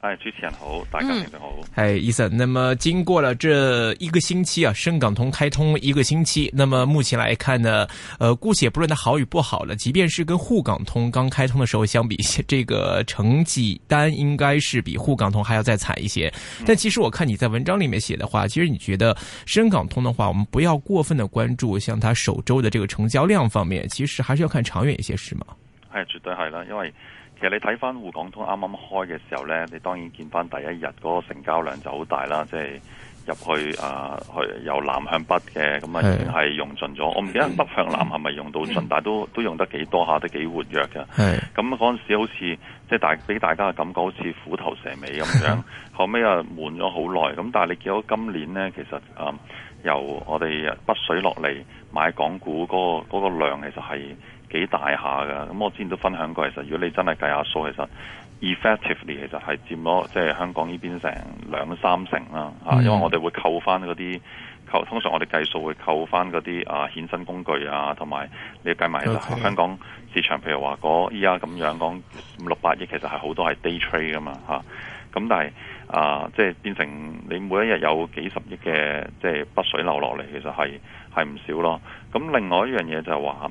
哎，主持人好，大家好。哎、嗯，伊森，那麼經過了這一個星期啊，深港通開通一個星期，那麼目前來看呢，呃，姑且不論它好與不好了，即便是跟滬港通剛開通的時候相比，這個成績單應該是比滬港通還要再慘一些。嗯、但其實我看你在文章裏面寫的話，其實你覺得深港通的話，我們不要過分的關注像它首周的這個成交量方面，其實還是要看長遠一些，是嗎？哎，絕對係啦，因為。其實你睇翻滬港通啱啱開嘅時候咧，你當然見翻第一日嗰個成交量就好大啦，即係入去啊、呃，去由南向北嘅，咁啊係用盡咗。的我唔記得北向南係咪用到盡，嗯、但係都都用得幾多下，都幾活躍嘅。係咁嗰陣時好似即係大俾大家嘅感覺好似虎頭蛇尾咁樣，的後尾啊悶咗好耐。咁但係你見到今年咧，其實啊、呃、由我哋北水落嚟買港股嗰、嗰個、嗰個量其實係。幾大下㗎？咁我之前都分享過，其實如果你真係計下數，其實 effectively 其實係佔咗即係香港呢邊成兩三成啦、mm hmm. 因為我哋會扣翻嗰啲扣，通常我哋計數會扣翻嗰啲啊衍生工具啊，同埋你計埋 Okay. 香港市場譬如話嗰依家咁樣講五六百億，其實係好多係 day trade 㗎嘛嚇。咁但係啊，即係、啊就是、變成你每一日有幾十億嘅即係北水流落嚟，其實係係唔少咯。咁另外一樣嘢就係話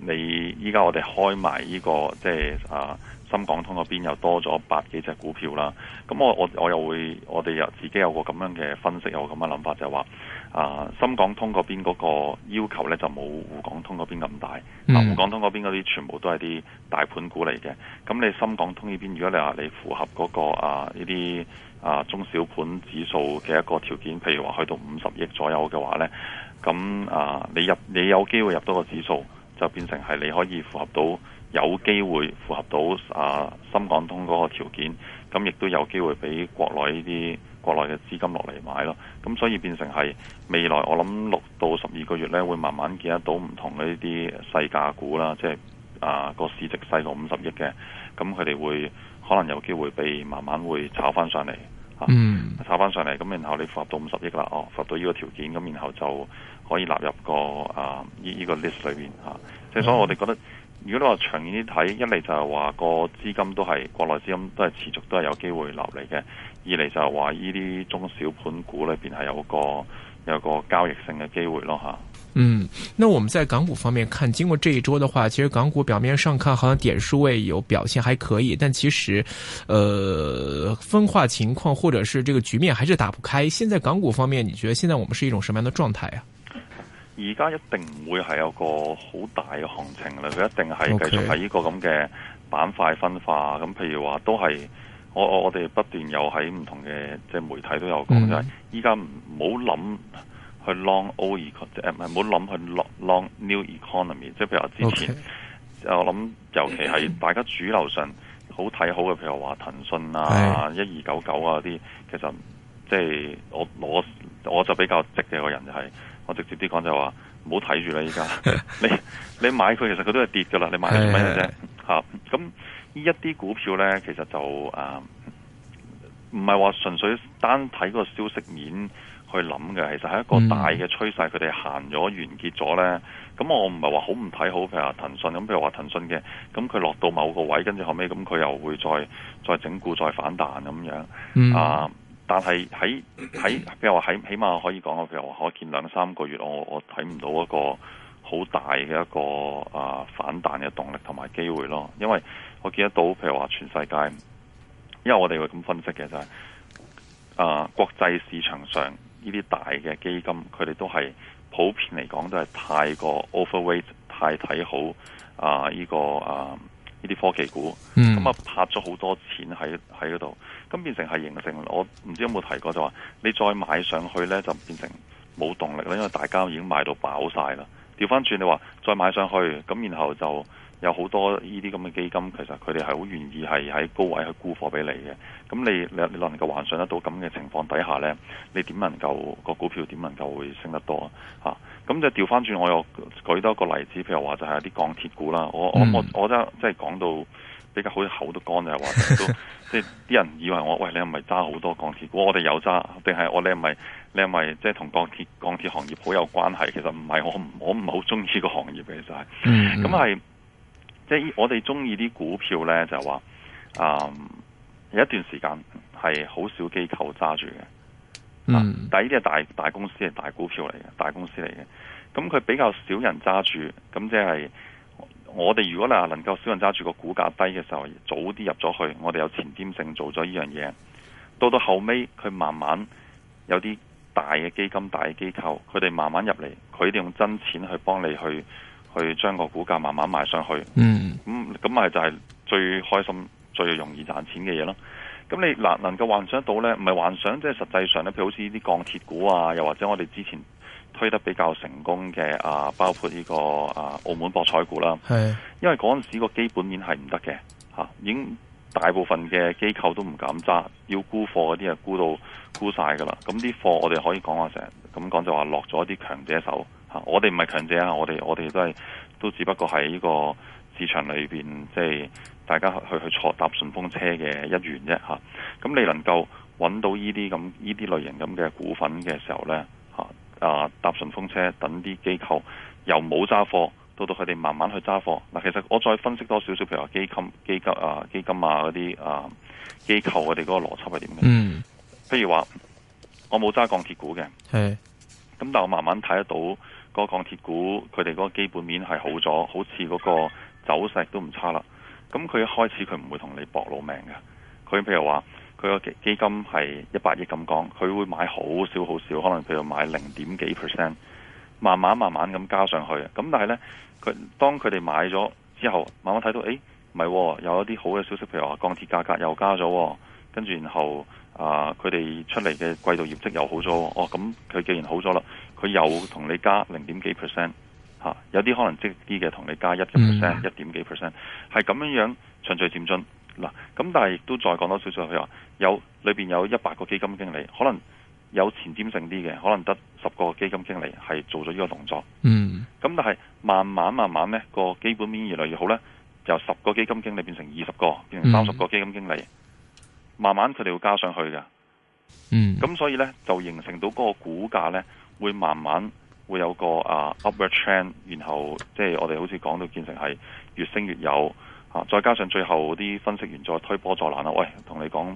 你依家我哋開埋呢個即係啊深港通嗰邊又多咗百幾隻股票啦，咁我我我又會我哋又自己有個咁樣嘅分析，有個咁嘅諗法就係話啊深港通嗰邊嗰個要求咧就冇滬港通嗰邊咁大，嗯、啊滬港通嗰邊嗰啲全部都係啲大盤股嚟嘅，咁你深港通呢邊如果你話你符合嗰個啊依啲啊中小盤指數嘅一個條件，譬如話去到五十億左右嘅話咧，咁啊你入你有機會入多個指數。就變成係你可以符合到有機會符合到啊深港通嗰個條件，咁亦都有機會俾國內呢啲國內嘅資金落嚟買咯。咁所以變成係未來我諗六到十二個月呢，會慢慢見得到唔同嘅呢啲細價股啦，即係啊個市值細過五十億嘅，咁佢哋會可能有機會被慢慢會炒返上嚟。嗯，炒翻上嚟，咁然後你符合到五十億啦，哦，符合到呢個條件，咁然後就可以納入個啊依依、依個 list 裏邊吓。即、啊、係、嗯、所以，我哋覺得，如果你話長遠啲睇，一嚟就係話個資金都係國內資金都係持續都係有機會流嚟嘅；二嚟就係話依啲中小盤股裏邊係有個有個交易性嘅機會咯吓。啊嗯，那我們在港股方面看，經過這一周的話，其實港股表面上看好像點數位有表現還可以，但其實，呃，分化情況或者是這個局面還是打不開。現在港股方面，你覺得現在我們是一種什麼樣的狀態啊？而家一定唔會係有個好大嘅行情啦，佢一定係繼續喺呢個咁嘅板塊分化。咁譬 Okay. 如話都係，我我我哋不斷有喺唔同嘅即係媒體都有講、嗯、就係，依家唔好諗。去 long old economy，誒唔好諗去 long long new economy，即係譬如話之前，Okay. 我諗尤其係大家主流上好睇好嘅，譬如話騰訊啊、一二九九啊嗰啲，其實即係我攞我，我就比較直嘅個人就係、是，我直接啲講就話，唔好睇住啦依家， 你你買佢其實佢都係跌噶啦，你買嚟做咩啫？咁呢一啲的、 嗯、股票咧，其實就、嗯唔係話純粹單睇個消息面去諗嘅，其實係一個大嘅趨勢，佢哋行咗完結咗呢。咁我唔係話好唔睇好譬如話騰訊咁，譬如話騰訊嘅，咁佢落到某個位，跟住後尾咁佢又會再再整固再反彈咁樣、嗯、啊。但係喺喺譬如話喺，起碼可以講我，譬如話，可見兩三個月，我我睇唔到一個好大嘅一個啊反彈嘅動力同埋機會咯。因為我見得到譬如話全世界。因為我哋會咁分析嘅就係、是，啊、呃、國際市場上呢啲大嘅基金，佢哋都係普遍嚟講都係太過 overweight，太睇好啊呢、呃這個啊呢啲科技股，咁啊、嗯、拍咗好多錢喺喺嗰度，咁變成係形成我唔知有冇提過，就話你再買上去咧就變成冇動力啦，因為大家已經買到飽晒啦。調翻轉你話再買上去咁，然後就。有好多呢啲咁嘅基金，其實佢哋係好願意係喺高位去沽貨俾你嘅。咁你你能夠幻想得到咁嘅情況底下呢，你點能夠、個股票點能夠會升得多啊？咁、啊、就調翻轉，我又舉多一個例子，譬如話就係啲鋼鐵股啦。我、嗯、我我，我真係即係講到比較好口都乾，就係、是、話，即係啲人以為我喂你係咪揸好多鋼鐵股，我哋有揸，定係我你係咪？你係咪？即係同鋼，鋼鐵行業好有關係？其實唔係我唔我唔係好中意個行業嘅就係咁係嗯即係我哋中意啲股票呢，就話，嗯，有一段時間係好少機構揸住嘅。嗯，但係呢啲係大大公司係大股票嚟嘅，大公司嚟嘅。咁佢比較少人揸住，咁即係我哋如果啦能夠少人揸住個股價低嘅時候，早啲入咗去，我哋有前瞻性做咗呢樣嘢。到到後尾佢慢慢有啲大嘅基金、大嘅機構，佢哋慢慢入嚟，佢哋用真錢去幫你去。去將個股價慢慢賣上去，咁咁、嗯嗯、咪就係最開心、最容易賺錢嘅嘢咯。咁你嗱能夠幻想到呢？唔係幻想，即係實際上呢，譬如好似呢啲鋼鐵股啊，又或者我哋之前推得比較成功嘅啊，包括呢、呢個啊澳門博彩股啦，的因為嗰陣時個基本面係唔得嘅，吓、啊，已經大部分嘅機構都唔敢揸，要沽貨嗰啲啊沽到沽晒噶啦，咁啲貨我哋可以講話成日咁講就話落咗啲強者手。我哋唔係強者啊！我哋我哋都係都只不過係呢個市場裏面，即係大家去去坐搭順風車嘅一員啫吓。咁你能夠揾到呢啲咁呢啲類型咁嘅股份嘅時候呢，吓啊搭順風車，等啲機構又冇揸貨到到佢哋慢慢去揸貨。嗱、啊，其實我再分析多少少，譬如話基金、基金啊、基金啊嗰啲啊機構，我哋嗰個邏輯係點嘅？嗯的，譬如話我冇揸鋼鐵股嘅，係咁，但我慢慢睇得到。嗰個鋼鐵股，佢哋嗰個基本面係好咗，好似嗰個走勢都唔差啦。咁佢一開始佢唔會同你搏老命嘅。佢譬如話，佢個基金係一百億咁講，佢會買好少好少，可能譬如買零點幾 percent，慢慢慢慢咁加上去。咁但係呢，佢當佢哋買咗之後，慢慢睇到，誒，哎，唔係有一啲好嘅消息，譬如話鋼鐵價格又加咗，跟住然後。啊！佢哋出嚟嘅季度業績又好咗，哦咁佢、哦嗯嗯嗯、既然好咗啦，佢又同你加零點幾 percent，嚇、啊、有啲可能積啲嘅同你加一 percent，啊、一點幾 percent，係咁樣樣循序漸進嗱。咁但係亦都再講多少少佢話，有裏邊有一百個基金經理，可能有前瞻性啲嘅，可能得十個基金經理係做咗呢個動作。嗯，咁但係慢慢慢慢呢個基本面越來越好呢，由十個基金經理變成二十個，變成三十個基金經理。嗯慢慢佢哋要加上去嘅，嗯，咁所以呢，就形成到嗰個股價呢，會慢慢會有個啊、uh, upward trend，然後即係我哋好似講到變成係越升越有、啊、再加上最後啲分析員再推波助瀾，啦，喂，同你講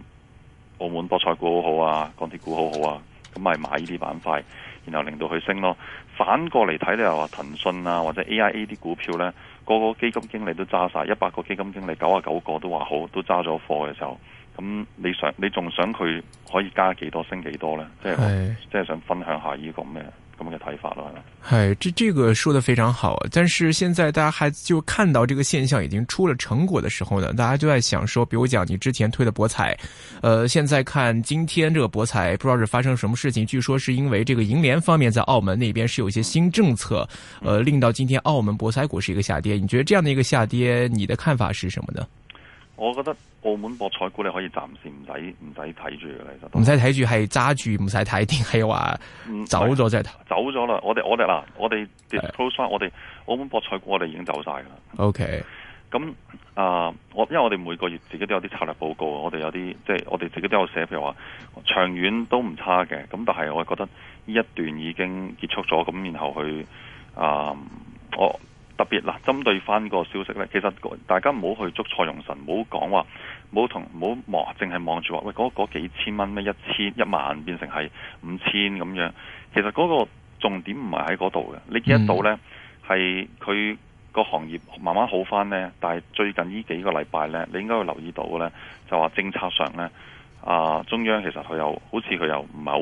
澳門博彩股好好啊，港鐵股好好啊，咁咪買呢啲板塊，然後令到佢升咯。反過嚟睇你又話騰訊啊或者 AIA 啲股票呢，個個基金經理都揸晒，一百個基金經理，九啊九個都話好，都揸咗貨嘅時候。咁你想，你仲想佢可以加幾多升幾多呢？即係即係想分享下呢個咁嘅咁嘅睇法咯。係，這這個說得非常好。但是現在大家還就看到這個現象已經出了成果的時候呢，大家就在想說，比如講你之前推的博彩，呃，現在看今天這個博彩，不知道是發生什麼事情。據說是因為這個銀聯方面在澳門那邊是有一些新政策，呃，令到今天澳門博彩股是一個下跌。你覺得這樣的一個下跌，你的看法是什麼呢？我覺得澳門博彩股你可以暫時唔使唔使睇住嘅，其實唔使睇住係揸住，唔使睇天係話，走咗就走咗啦。我哋我哋嗱，我哋我 i 對我哋澳門博彩股我哋已經走晒啦。OK，咁啊、呃，我因為我哋每個月自己都有啲策略報告，我哋有啲即係我哋自己都有寫，譬如話長遠都唔差嘅，咁但係我覺得呢一段已經結束咗，咁然後去啊、呃、我。特別嗱，針對翻個消息咧，其實大家唔好去捉錯用神，唔好講話，唔好同唔好望，淨係望住話，喂，嗰幾千蚊咧，一千一萬變成係五千咁樣。其實嗰個重點唔係喺嗰度嘅，你見得到咧，係佢個行業慢慢好翻咧。但係最近呢幾個禮拜咧，你應該會留意到咧，就話政策上咧，啊，中央其實佢又好似佢又唔係好，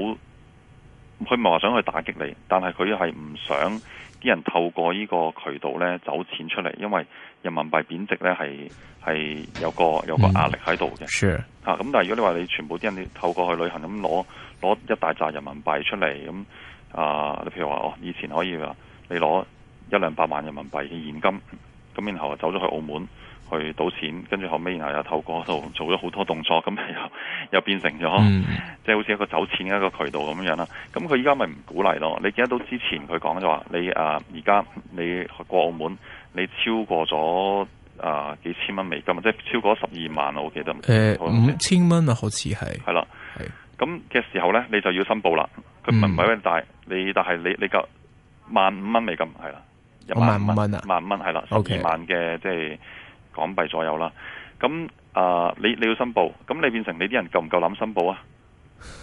佢唔係話想去打擊你，但係佢係唔想。啲人透過呢個渠道呢走錢出嚟，因為人民幣貶值呢係係有個有個壓力喺度嘅。是咁、啊、但係如果你話你全部啲人你透過去旅行咁攞攞一大扎人民幣出嚟咁啊，你譬如、呃、話哦，以前可以話你攞一兩百萬人民幣嘅現金，咁然後走咗去澳門。去賭錢，跟住後尾，然後又透過嗰度做咗好多動作，咁又又變成咗，嗯、即係好似一個走錢嘅一個渠道咁樣啦。咁佢依家咪唔鼓勵咯？你記得到之前佢講咗話你啊，而、呃、家你過澳門，你超過咗啊、呃、幾千蚊美金，即係超過十二萬我記得誒、呃、像五千蚊啊，好似係係啦，咁嘅是時候咧，你就要申報啦。佢唔係偉大，你但係你你夠萬五蚊美金係啦，五萬五蚊啊，萬五蚊係啦，十二萬嘅 Okay. 即係。港幣左右啦，咁啊、呃、你你要申報，咁你變成你啲人夠唔夠諗申報啊？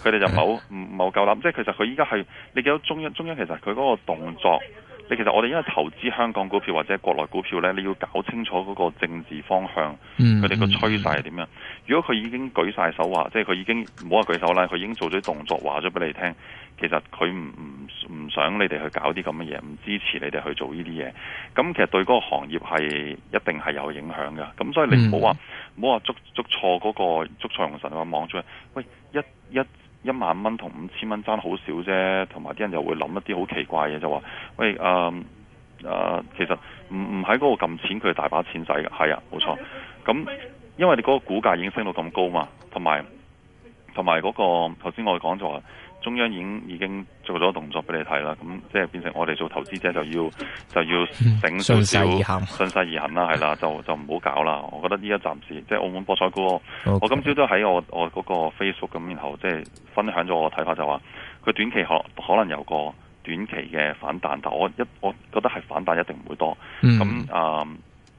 佢哋就冇，冇 夠諗。即係其實佢依家係你見到中央，中央其實佢嗰個動作。你其實我哋因為投資香港股票或者國內股票呢，你要搞清楚嗰個政治方向，佢哋個趨勢係點樣？如果佢已經舉晒手話，即係佢已經唔好話舉手啦，佢已經做咗啲動作話咗俾你聽，其實佢唔唔唔想你哋去搞啲咁嘅嘢，唔支持你哋去做呢啲嘢，咁其實對嗰個行業係一定係有影響嘅。咁所以你唔好話唔好話捉捉錯嗰個捉錯用神啊，望住喂一一。一一萬蚊同五千蚊爭好少啫，同埋啲人又會諗一啲好奇怪嘅，就話：喂，誒、呃、誒、呃，其實唔唔喺嗰個撳錢，佢大把錢使嘅，係啊，冇錯。咁因為你嗰個股價已經升到咁高嘛，同埋同埋嗰個頭先我哋講咗。中央已經已經做咗動作俾你睇啦，咁即係變成我哋做投資者就要就要醒少少，審時而行啦，係啦，就就唔好搞啦。我覺得呢一暫時，即係澳門博彩股，我今朝都喺我我嗰個 Facebook 咁，然後即係分享咗我睇法就，就話佢短期可可能有個短期嘅反彈，但我一我覺得係反彈一定唔會多。咁啊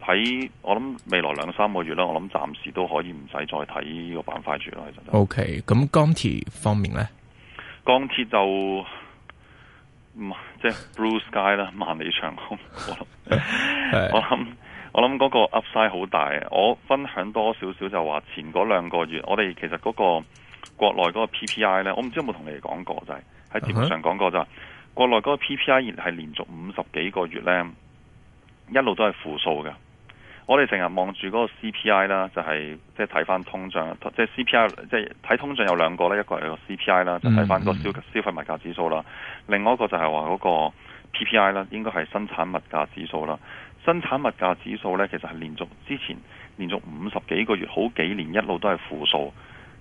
喺我諗未來兩三個月啦，我諗暫時都可以唔使再睇呢個板塊住啦。其實，OK，咁鋼鐵方面咧？鋼鐵就即係 Blue Sky 啦，萬里長空。 我諗我諗，我諗嗰個 Upside 好大。我分享多少少就話，前嗰兩個月，我哋其實嗰個國內嗰個 PPI 呢，我唔知有冇同你哋講過，就係、是、喺節目上講過就係、是，國內嗰個 PPI 係連續五十幾個月呢，一路都係負數嘅。我哋成日望住嗰個 CPI 啦，就係即係睇翻通脹，即係 CPI，即係睇通脹有兩個咧，一個係個 CPI 啦，就睇翻個消消費物價指數啦。嗯嗯嗯，另外一個就係話嗰個 PPI 啦，應該係生產物價指數啦。生產物價指數咧，其實係連續之前連續五十幾個月好幾年一路都係負數，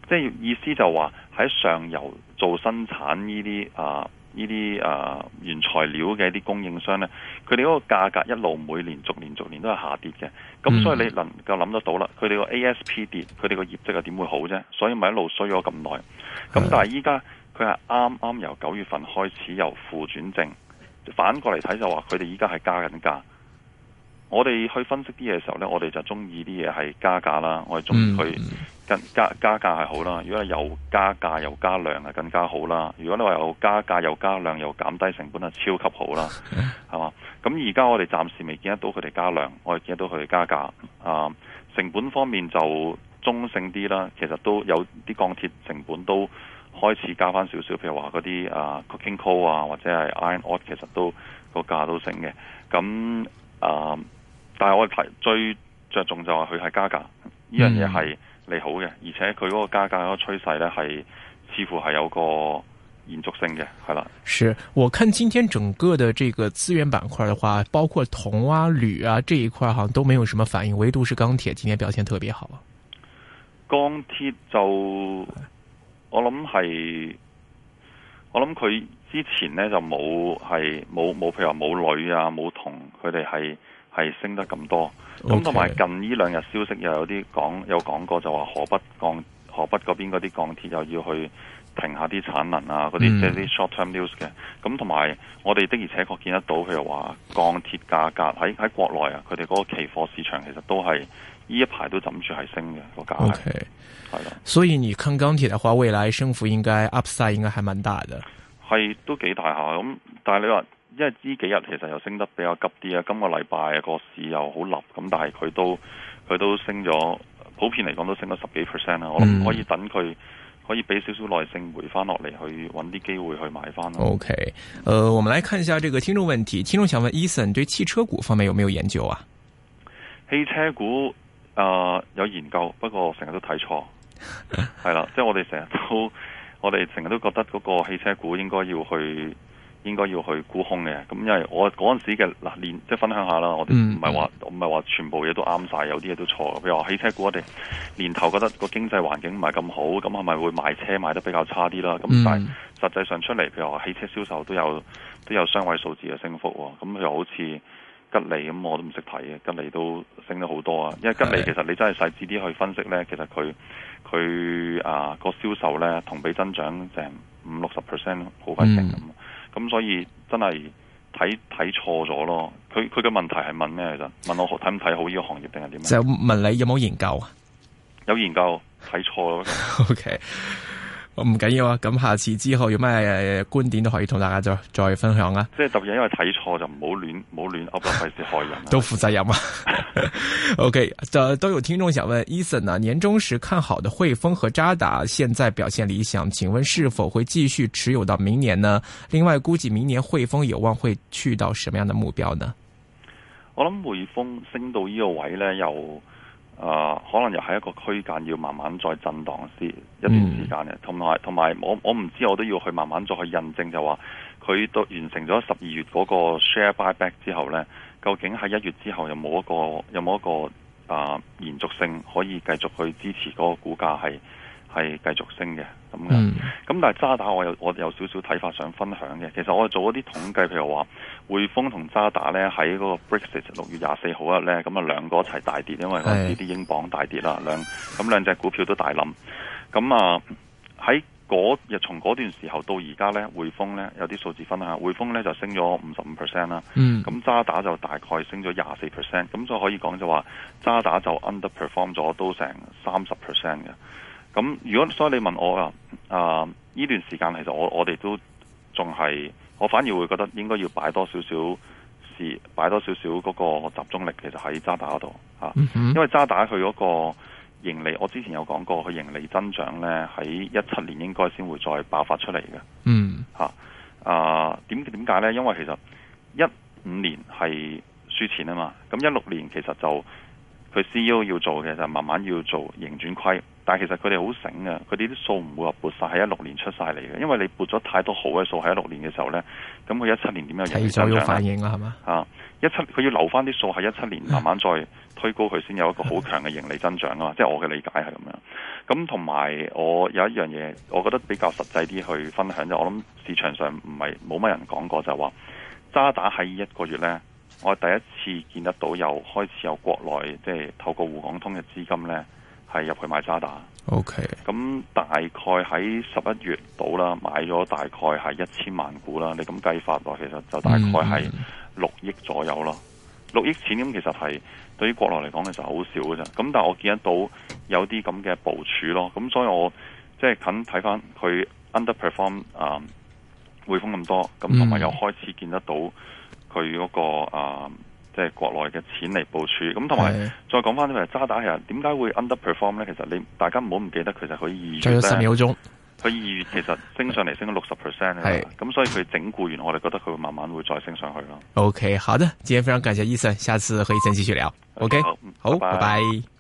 即係意思就話喺上游做生產呢啲啊。呃呢啲啊原材料嘅啲供應商呢，佢哋嗰個價格一路每年逐年逐年，年都係下跌嘅，咁所以你能夠諗得到啦，佢哋個 ASP 跌，佢哋個業績又點會好啫？所以咪一路衰咗咁耐。咁但係依家佢係啱啱由九月份開始由負轉正，反過嚟睇就話佢哋依家係加緊價。我哋去分析啲嘢嘅時候呢，我哋就中意啲嘢係加價啦。我哋中意佢更加加價係好啦。如果係又加價又加量係更加好啦。如果你話又加價又加量又減低成本，係超級好啦，係嘛？咁而家我哋暫時未見得到佢哋加量，我哋見得到佢哋加價啊、呃。成本方面就中性啲啦。其實都有啲鋼鐵成本都開始加翻少少。譬如話嗰啲啊 cooking coal 啊，或者係 iron ore，其實都、那個價都升嘅。咁、嗯、啊。呃但係我提最着重就係佢係加價，呢樣嘢係利好嘅，嗯、而且佢嗰個加價嗰個趨勢咧係似乎係有個延續性嘅，係啦。是我看今天整個的這個資源板塊的話，包括銅啊、鋁啊這一塊，好像都沒有什麼反應，唯獨是鋼鐵今天表現特別好。鋼鐵就，我諗係，我諗佢之前咧就冇，係冇，冇，譬如話冇鋁啊，冇銅，佢哋係。他們是係升得咁多，咁同埋近呢兩日消息又有啲講，有講過就話河北鋼、河北嗰邊嗰啲鋼鐵又要去停下啲產能啊，嗰啲即係啲 short term news 嘅。咁同埋我哋的而且確見得到，譬如話鋼鐵價格喺喺國內啊，佢哋嗰個期貨市場其實都係呢一排都枕住係升嘅個價係。係啦，okay, 的所以你看鋼鐵嘅話，未來升幅應該 upside 應該係蠻大嘅。係都幾大下咁，但係你話。因為呢幾日其實又升得比較急啲啊，今個禮拜個市又好立咁，但係佢都佢都升咗，普遍嚟講都升咗十幾 percent 啦。我諗可以等佢，可以俾少少耐性回翻落嚟，去揾啲機會去買翻咯。OK，誒、呃，我們來看一下這個聽眾問題。聽眾想問，Eason 對汽車股方面有沒有研究啊？汽車股誒、呃、有研究，不過成日都睇錯。係啦， 即係我哋成日都，我哋成日都覺得嗰個汽車股應該要去。應該要去沽空嘅，咁因為我嗰陣時嘅嗱年即係分享下啦，我哋唔係話唔係話全部嘢都啱晒，有啲嘢都錯。譬如話汽車股，我哋年頭覺得個經濟環境唔係咁好，咁係咪會賣車賣得比較差啲啦？咁但係、嗯、實際上出嚟，譬如話汽車銷售都有都有雙位數字嘅升幅，咁又好似吉利咁，我都唔識睇嘅。吉利都升得好多啊，因為吉利其實你真係細緻啲去分析呢。其實佢佢啊個銷售呢，同比增長成五六十 percent 好穩定咁。很快咁所以真係睇睇錯咗咯，佢佢嘅問題係問咩啫？問我睇唔睇好呢個行業定係點樣？就問你有冇研究啊？有研究睇錯咯？OK。 唔緊要啊，咁下次之後有咩觀點都可以同大家再再分享啊。即係特別因為睇錯就唔好亂，唔好亂 up 費事害人、啊。 都負責任嘛、啊。 OK，都都有聽眾想問，Eason 呢？ e、ason, 年終時看好的匯豐和渣打，現在表現理想，請問是否會繼續持有到明年呢？另外，估計明年匯豐有望會去到什麼樣的目標呢？我諗匯豐升到呢個位咧，又。誒、呃、可能又喺一個區間，要慢慢再震蕩先一段時間嘅，同埋同埋我我唔知，我都要去慢慢再去印證就說，就話佢都完成咗十二月嗰個 share buyback 之後呢，究竟喺一月之後有冇一個有冇一個誒、呃、延續性可以繼續去支持嗰個股價係？係繼續升嘅咁咁但係渣打我有我有少少睇法想分享嘅。其實我係做一啲統計，譬如話匯豐同渣打咧喺嗰個 Brexit 六月廿四號日咧，咁啊兩個一齊大跌，因為呢啲英鎊大跌啦，兩咁兩隻股票都大冧。咁、嗯、啊喺嗰日從嗰段時候到而家咧，匯豐咧有啲數字分吓，匯豐咧就升咗五十五 percent 啦，咁、嗯、渣打就大概升咗廿四 percent，咁所以可以講就話渣打就 underperform 咗都成三十 percent 嘅。咁如果所以你問我啊，啊、呃、呢段時間其實我我哋都仲係，我反而會覺得應該要擺多少少事，擺多少少嗰個集中力，其實喺渣打嗰度嚇，啊 mm hmm. 因為渣打佢嗰個盈利，我之前有講過，佢盈利增長咧喺一七年應該先會再爆發出嚟嘅。嚇，啊點點解咧？因為其實一五年係輸錢啊嘛，咁一六年其實就。佢 CEO 要做嘅就慢慢要做盈轉虧，但係其實佢哋好醒嘅，佢哋啲數唔會話撥晒喺一六年出晒嚟嘅，因為你撥咗太多好嘅數喺一六年嘅時候呢。咁佢一七年點有盈利增長啊？係上嘅反應啦，係嘛？啊，一七佢要留翻啲數喺一七年，慢慢再推高佢先有一個好強嘅盈利增長啊！即係、啊就是、我嘅理解係咁樣。咁同埋我有一樣嘢，我覺得比較實際啲去分享就，我諗市場上唔係冇乜人講過就話、是、渣打喺一個月呢。我第一次見得到，又開始有國內即係透過滬港通嘅資金呢，係入去買渣打。O K. 咁大概喺十一月度啦，買咗大概係一千萬股啦。你咁計法落，其實就大概係六億左右咯。六、mm. 億錢咁，其實係對於國內嚟講其實好少嘅啫。咁但我見得到有啲咁嘅部署咯。咁所以我即係近睇翻佢 underperform 啊，匯、呃、豐咁多，咁同埋又開始見得到。Mm. 佢嗰個啊，即係國內嘅錢嚟部署，咁同埋再講返呢個渣打人，點解會 underperform 咧？其實你大家唔好唔記得，佢就可以再有十秒鐘，佢二月其實升上嚟升咗六十 percent 咧。咁的所以佢整固完，我哋覺得佢會慢慢會再升上去咯。OK，好的，今天非常感謝 Ethan，下次和 Ethan 繼續聊。的 OK，好，拜拜。